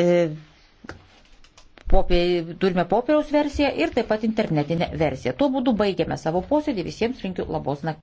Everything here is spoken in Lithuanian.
E, popie, turime popieriaus versiją ir taip pat internetinę versiją. Tuo būdu baigiame savo posėdį. Visiems linkiu labos nakties.